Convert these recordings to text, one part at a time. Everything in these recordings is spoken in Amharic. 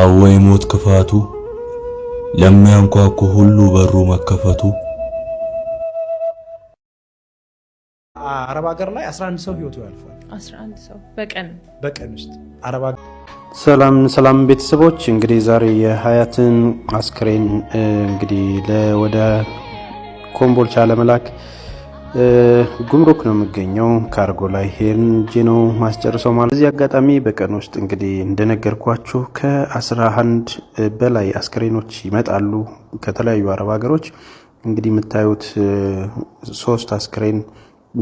አወይ ሞት ክፋቱ ለሚያንኳኩ ሁሉ በሩ መከፈቱ። አረብ ሀገር ላይ 11 ሰው ህይወቱ ያልፋል። 11 ሰው በቀን በቀን ውስጥ አረብ ሰላም ሰላም ቤተሰቦች እንግዲህ ዛሬ የሀያትን አስክሬን እንግዲህ ወደ ኮምቦልቻ ለመላክ ጉምሩክ ነው የሚገኘው። ካርጎ ላይ ሄን ነው ማስጨርሰው ማለት። በዚህ አጋጣሚ በቀን ውስጥ እንግዲህ እንደነገርኳችሁ ከአስራ 11 በላይ አስክሬኖች ይመጣሉ ከተለያዩ አረብ ሀገሮች። እንግዲህ የምታዩት ሶስት አስክሬን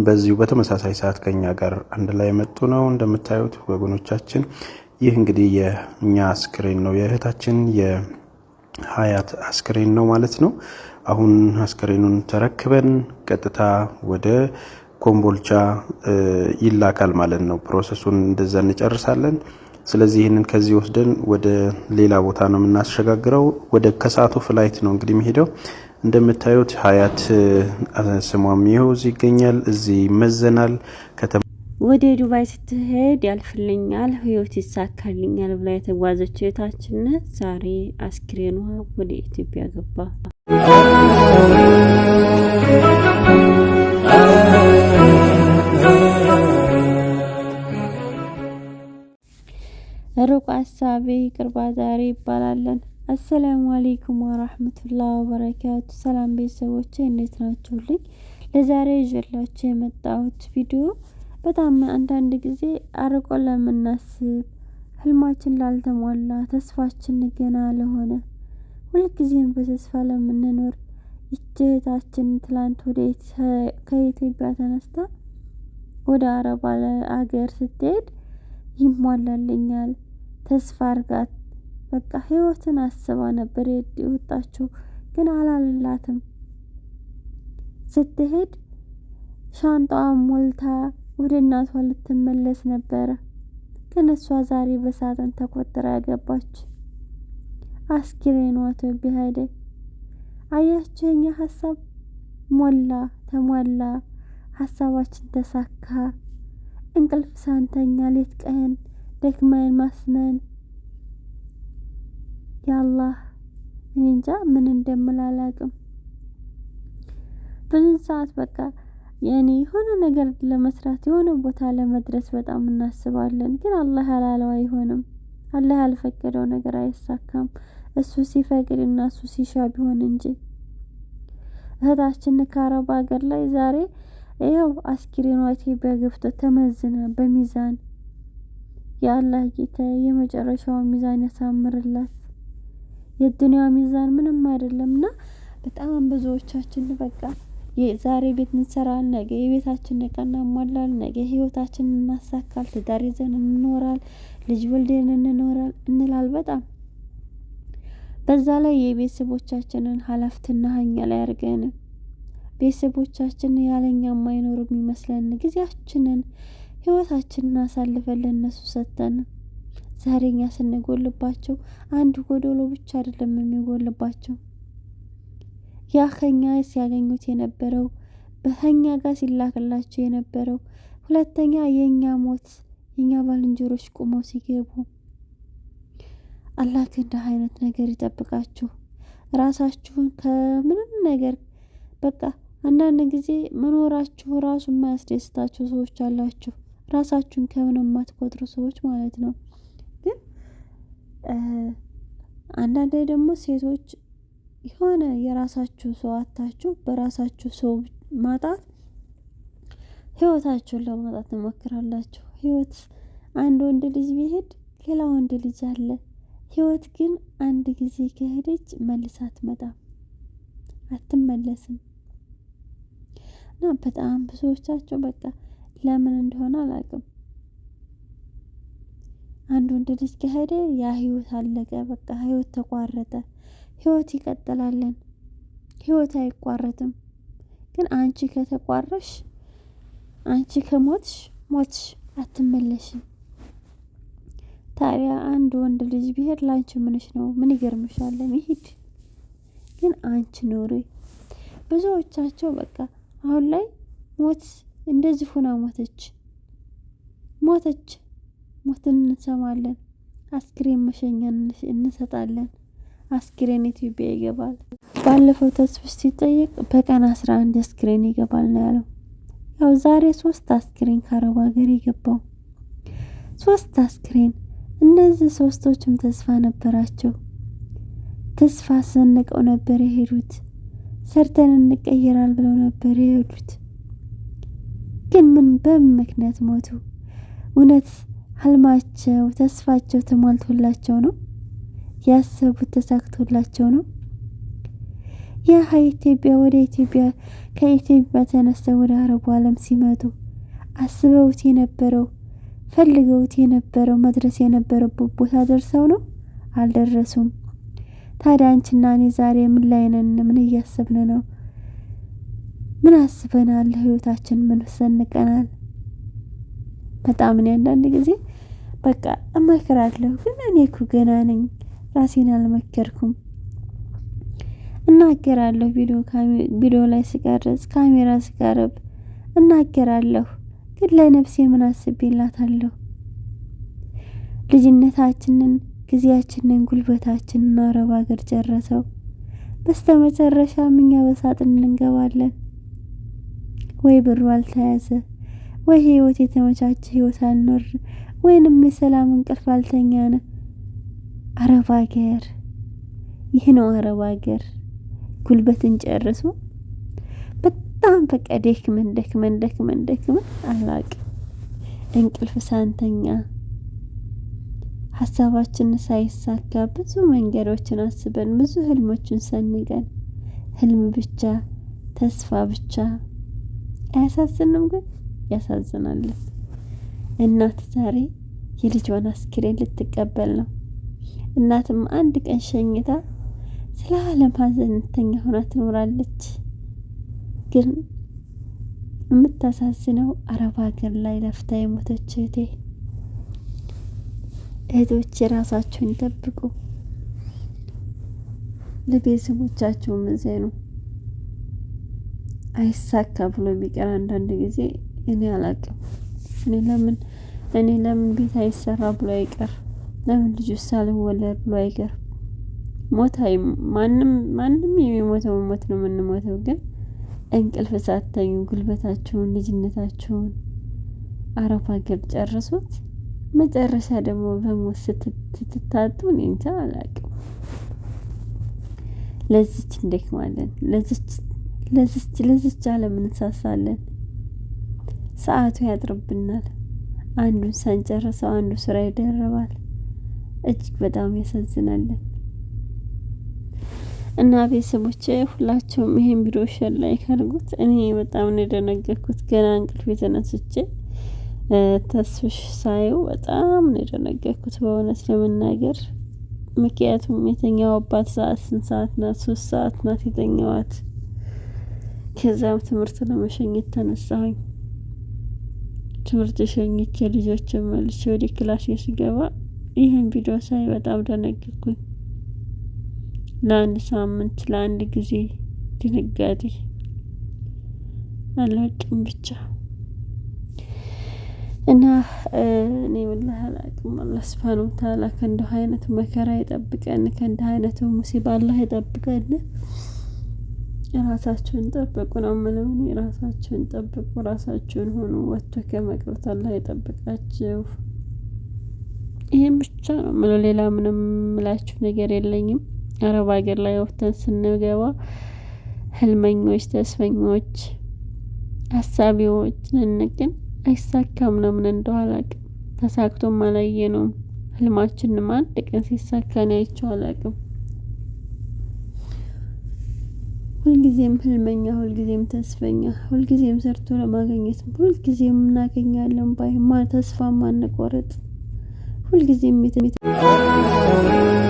በዚሁ በተመሳሳይ ሰዓት ከኛ ጋር አንድ ላይ የመጡ ነው እንደምታዩት ወገኖቻችን። ይህ እንግዲህ የእኛ አስክሬን ነው የእህታችን የሀያት አስክሬን ነው ማለት ነው። አሁን አስከሬኑን ተረክበን ቀጥታ ወደ ኮምቦልቻ ይላካል ማለት ነው። ፕሮሰሱን እንደዛ እንጨርሳለን። ስለዚህ ይህንን ከዚህ ወስደን ወደ ሌላ ቦታ ነው የምናስሸጋግረው። ወደ ከሳቱ ፍላይት ነው እንግዲህ የሚሄደው። እንደምታዩት ሀያት ስሟም ይኸው ይገኛል። እዚህ ይመዘናል። ወደ ዱባይ ስትሄድ ያልፍልኛል፣ ህይወት ይሳካልኛል ብላ የተጓዘች የታችን ዛሬ አስክሬኗ ወደ ኢትዮጵያ ገባ። ሩቅ ሀሳቤ ይቅርባ ዛሬ ይባላለን። አሰላሙ አሌይኩም ወራህመቱላህ ወበረካቱ። ሰላም ቤተሰቦች እንዴት ናችሁልኝ? ለዛሬ ይዤላችሁ የመጣሁት ቪዲዮ በጣም አንዳንድ ጊዜ አርቆ ለምናስብ ህልማችን ላልተሟላ፣ ተስፋችን ገና ለሆነ፣ ሁልጊዜም በተስፋ ለምንኖር እህታችን ትላንት ወደ ከኢትዮጵያ ተነስታ ወደ አረብ አገር ስትሄድ ይሟላልኛል ተስፋ አርጋት በቃ ህይወትን አስባ ነበር የወጣችው፣ ግን አላልላትም። ስትሄድ ሻንጣዋን ሞልታ ወደ እናቷ ልትመለስ ነበረ፣ ግን እሷ ዛሬ በሳጥን ተቆጥራ ያገባች አስኪሬኗ ኢትዮጵያ ሄደ። አያችሁ የኛ ሀሳብ ሞላ ተሟላ፣ ሀሳባችን ተሳካ። እንቅልፍ ሳንተኛ ሌት ቀን ደክመን ማስነን ያላህ እንጃ ምን እንደምል አላቅም። በዚህ ሰዓት በቃ የኔ የሆነ ነገር ለመስራት የሆነ ቦታ ለመድረስ በጣም እናስባለን፣ ግን አላህ ያላለው አይሆንም። አላህ ያልፈቀደው ነገር አይሳካም። እሱ ሲፈቅድ እና እሱ ሲሻ ቢሆን እንጂ እህታችን ከአረብ ሀገር ላይ ዛሬ ይኸው አስክሬኗ በግብቶ ተመዝና በሚዛን የአላህ ጌታ የመጨረሻው ሚዛን ያሳምርላት። የዱንያ ሚዛን ምንም አይደለም በጣም ብዙዎቻችን በቃ የዛሬ ቤት እንሰራል፣ ነገ የቤታችን ዕቃ እናሟላል፣ ነገ ህይወታችን እናሳካል፣ ትዳር ይዘን እንኖራል፣ ልጅ ወልደን እንኖራል እንላል በጣም በዛ ላይ የቤተሰቦቻችንን ኃላፊነትና ሀኛ ላይ አድርገን ቤተሰቦቻችን ያለኛ የማይኖሩም ይመስለን ጊዜያችንን ህይወታችንን አሳልፈን ለእነሱ ሰጥተን ዛሬ እኛ ስንጎልባቸው አንድ ጎዶሎ ብቻ አይደለም የሚጎልባቸው። ያ ከኛ ሲያገኙት የነበረው በኸኛ ጋር ሲላክላቸው የነበረው ሁለተኛ የእኛ ሞት የእኛ ባልንጀሮች ቁመው ሲገቡ አላህ ከእንዲህ አይነት ነገር ይጠብቃችሁ። ራሳችሁን ከምንም ነገር በቃ አንዳንድ ጊዜ መኖራችሁ ራሱ የማያስደስታችሁ ሰዎች አላችሁ። ራሳችሁን ከምን የማትቆጥሩ ሰዎች ማለት ነው። ግን አንዳንዴ ደግሞ ሴቶች የሆነ የራሳችሁ ሰው አታችሁ በራሳችሁ ሰው ማጣት ህይወታችሁን ለማጣት ትሞክራላችሁ። ህይወት አንድ ወንድ ልጅ ቢሄድ ሌላ ወንድ ልጅ አለ። ህይወት ግን አንድ ጊዜ ከሄደች መልስ አትመጣም፣ አትመለስም እና በጣም ብዙዎቻቸው በቃ ለምን እንደሆነ አላውቅም። አንድ ወንድ ልጅ ከሄደ ያ ህይወት አለቀ፣ በቃ ህይወት ተቋረጠ። ህይወት ይቀጥላለን፣ ህይወት አይቋረጥም። ግን አንቺ ከተቋረሽ፣ አንቺ ከሞትሽ፣ ሞትሽ አትመለሽም። ታዲያ አንድ ወንድ ልጅ ቢሄድ ላንቺ ምንሽ ነው? ምን ይገርምሻል? ይሄድ ግን አንቺ ኖሪ። ብዙዎቻቸው በቃ አሁን ላይ ሞት እንደዚህ ሆና ሞተች ሞተች። ሞትን እንሰማለን። አስክሬን መሸኛ እንሰጣለን። አስክሬን ኢትዮጵያ ይገባል። ባለፈው ተስፍሽ ሲጠየቅ በቀን አስራ አንድ አስክሬን ይገባል ነው ያለው። ያው ዛሬ ሶስት አስክሬን ከአረቡ ሀገር የገባው ሶስት አስክሬን። እነዚህ ሶስቶችም ተስፋ ነበራቸው። ተስፋ ሰንቀው ነበር የሄዱት። ሰርተን እንቀየራል ብለው ነበር የሄዱት። ግን ምን በምን ምክንያት ሞቱ? እውነት ህልማቸው ተስፋቸው ተሟልቶላቸው ነው? ያሰቡት ተሳክቶላቸው ነው? ያ ኢትዮጵያ ወደ ኢትዮጵያ ከኢትዮጵያ ተነስተው ወደ አረቡ ዓለም ሲመጡ አስበውት የነበረው ፈልገውት የነበረው መድረስ የነበረበት ቦታ ደርሰው ነው? አልደረሱም። ታዲያ አንቺና እኔ ዛሬ ምን ላይ ነን? ምን እያሰብን ነው? ምን አስበናል? ህይወታችን ምን ሰንቀናል? በጣም እኔ አንዳንድ ጊዜ በቃ እመክራለሁ፣ ግን እኔ እኮ ገና ነኝ፣ ራሴን አልመከርኩም። እናገራለሁ፣ ቪዲዮ ላይ ስቀርጽ፣ ካሜራ ስቀርብ እናገራለሁ፣ ግን ለነፍሴ ምን አስቤላታለሁ? ልጅነታችንን፣ ጊዜያችንን፣ ጉልበታችንን አረብ ሀገር ጨረሰው። በስተመጨረሻም እኛ በሳጥን እንገባለን። ወይ ብሩ አልተያዘ፣ ወይ ህይወት የተመቻቸ ህይወት አልኖር፣ ወይንም የሰላም እንቅልፍ አልተኛነ። አረብ አገር ይህ ነው። አረብ አገር ጉልበትን ጨርሱ በጣም በቃ ደክመን ደክመን ደክመን ደክመን አላቅ እንቅልፍ ሳንተኛ ሀሳባችንን ሳይሳካ ብዙ መንገዶችን አስበን ብዙ ህልሞችን ሰንገን ህልም ብቻ ተስፋ ብቻ አያሳዝንም? ግን ያሳዝናለን። እናት ዛሬ የልጇን አስክሬን ልትቀበል ነው። እናትም አንድ ቀን ሸኝታ ስለ ዓለም ሀዘንተኛ ሆና ትኖራለች። ግን የምታሳዝነው አረብ ሀገር ላይ ለፍታ የሞተች እህቴ። እህቶች የራሳቸውን ይጠብቁ፣ ለቤተሰቦቻቸው መዘኑ አይሳካ ብሎ የሚቀር አንዳንድ ጊዜ እኔ አላቅም። እኔ ለምን እኔ ለምን ቤት አይሰራ ብሎ አይቀር? ለምን ልጁ ሳልወለድ ብሎ አይቀር? ሞት አይ ማንም ማንም የሚሞተው ሞት ነው የምንሞተው፣ ግን እንቅልፍ ሳተኙ ጉልበታቸውን ልጅነታቸውን አረብ ሀገር ጨርሶት መጨረሻ ደግሞ በሞት ስትታጡ እኔ እንጃ አላቅም። ለዚች እንደክማለን ለዚች ለዝች ለዝች ዓለም እንሳሳለን። ሰዓቱ ያጥርብናል። አንዱን ሳንጨርሰው አንዱ ስራ ይደረባል። እጅግ በጣም ያሳዝናለን። እና ቤተሰቦች ሁላቸውም ይሄን ቪዲዮ ላይ ካድርጉት። እኔ በጣም ነው ገና እንቅልፍ የተነስቼ ተስፍሽ ሳየው በጣም ነው የደነገርኩት በእውነት ለመናገር ምክንያቱም አባት ሰዓት ስንት ሰዓት ናት? ሶስት ሰዓት ናት የተኛዋት። ከዛም ትምህርት ለመሸኘት ተነሳሁኝ። ትምህርት ሸኝቼ ልጆችን መልሼ ወደ ክላስ ስገባ ይህን ቪዲዮ ሳይ በጣም ደነገጥኩኝ። ለአንድ ሳምንት ለአንድ ጊዜ ድንጋጤ አላቅም ብቻ እና እኔ ምን ወላሂ አቅም አላህ ሱብሓነሁ ወተዓላ ከእንዲህ አይነት መከራ ይጠብቀን፣ ከእንዲህ አይነት ሙሲባ አላህ ይጠብቀን። ራሳችሁን ጠብቁ ነው የምለው። እኔ ራሳችሁን ጠብቁ፣ ራሳችሁን ሆኑ። ወጥቶ ከመቅረት አላህ ይጠብቃችሁ። ይህም ብቻ ነው የምለው። ሌላ ምንም ምላችሁ ነገር የለኝም። አረብ ሀገር ላይ ወፍተን ስንገባ ህልመኞች፣ ተስፈኞች፣ አሳቢዎች ንንቅን አይሳካም ነው ምን እንደው አላቅም። ተሳክቶም አላየ ነው ህልማችንም አንድ ቀን ሲሳካን አይቼው አላቅም። ሁልጊዜም ህልመኛ፣ ሁልጊዜም ተስፈኛ፣ ሁልጊዜም ሰርቶ ለማገኘት ሁልጊዜም እናገኛለን ባይ ተስፋ ማንቆርጥ ሁልጊዜም